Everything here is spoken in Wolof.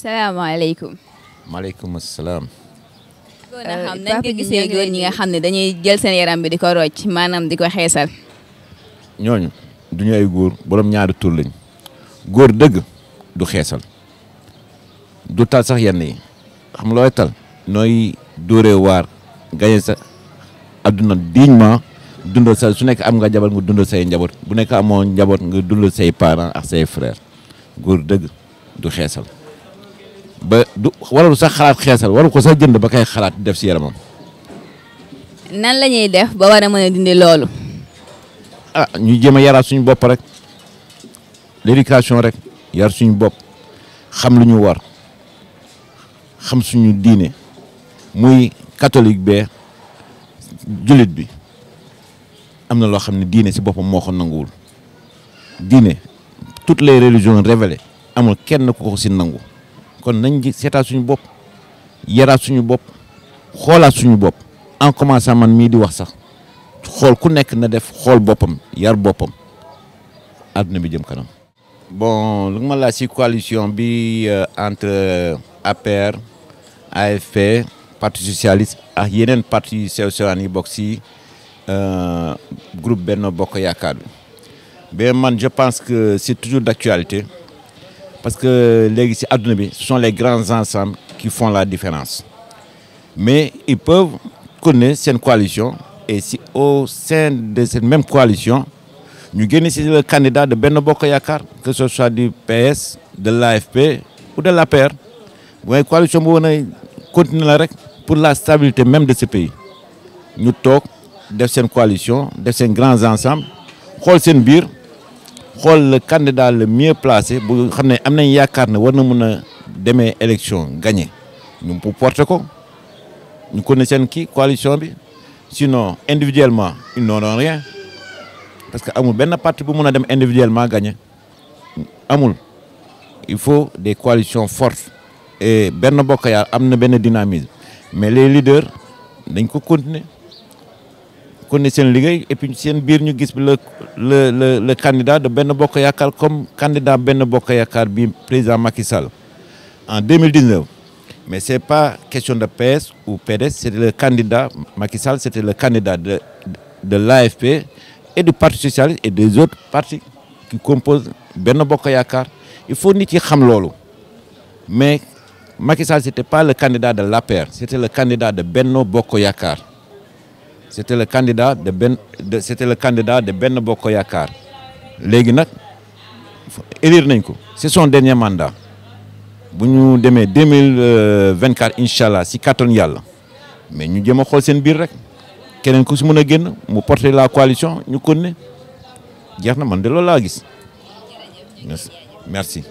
salaamaaleykum. maaleykum salaam. góor na euh, xam nañ ko gisee góor ñi nga xam ne dañuy jël seen yaram bi di ko rocc maanaam di ko xeesal. ñooñu duñu ay góor borom ñaari tur lañ góor dëgg du xeesal du tal sax yenn yi xam looy tal nooy dóoree waar gañe sa adduna dignement dundal sa su nekk am nga jabar nga dundal say njaboot bu nekk amoon njaboot nga dundal say parents ak say frères góor dëgg du xeesal. ba du waralu sax xalaat xeesal waru ko sax jënd ba kay xalaat def si yaramam. nan lañuy ñuy def ba war a mën a dindi loolu. ah ñu jéem a yaraat suñu bopp rek l'éducation rek yar suñu bopp xam lañu war xam suñu diine muy katolik bee jullit bi am na loo xam ne diine si boppam moo ko nanguwul diine toutes les religions révélées amul kenn ku ko si nangu. kon nañ seetaat suñu bopp yaraat suñu bopp xoolaat suñu bopp en commençant man mii di wax sax xool ku nekk na def xool boppam yar boppam àdduna bi jëm kanam. bon lu ma laa ci coalition bi euh, entre euh, APR AFP parti socialiste ak yeneen parti yu sew sewaan yi bokk ci euh, groupe Benno Bokk Yaakaar bi mais man je pense que c'est toujours d'actualité. parce que léegi ci àdduna bi ce sont les grands ensembles qui font la différence mais ils peuvent connaître seen coalition et si au sein de cette même coalition ñu génne ci candidat de Benno Bokk Yaakaar que ce soit du PS de l'AFP ou de l'APR waaye coalition boobu nag continuer la rek pour la stabilité même de ce pays ñu toog def seen coalition de seen grands ensembles xool seen biir xool le candidat le mieux placé bu xam ne am nañ yaakaar ne war na mën a demee élection gagné ñu pour porter ko ñu connaît seen kii coalition bi sinon individuellement ils n'auront rien parce que amul benn parti bu mën a dem individuellement gagné amul il faut des coalitions fortes et benn bokk yaa am na benn dynamisme mais les leaders dañ ko continuer continuer seen liggéey et puis seen biir ñu gis le le le le candidat de Benno Bokk Yaakaar comme candidat benn Bokk Yaakaar bi président Macky Sall en 2019 mais c'est pas question de PS ou PDS c'était le candidat Macky Sall c'était le candidat de de l'AFP et du Parti socialiste et des autres partis qui composent benn Bokk Yaakaar il faut nit yi xam loolu mais Macky Sall c'était pas le candidat de l'APR c'était le candidat de benn Bokk Yaakaar c'était le candidat de benn de c'était le de benn bokk yaakaar léegi nag élire nañ ko c'est son dernier mandat bu ñu demee deux mille vingt quatre incha allah si kattan yàlla mais ñu jëm a xool seen biir rek keneen ku si mun a génn mu porter la coalition ñu kon ne jeex na man de loolu laa gis merci.